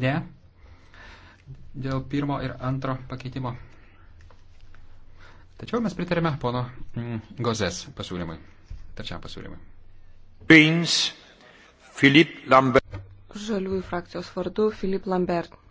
Ne. Dėl pirmo ir antro pakeitimo. Tačiau mes pritarėme pono mm, Gozės pasiūlymui. Tačiam pasiūlymui. Beans, Filip Lambert. Žaliųjų frakcijos vardu Filip Lambert.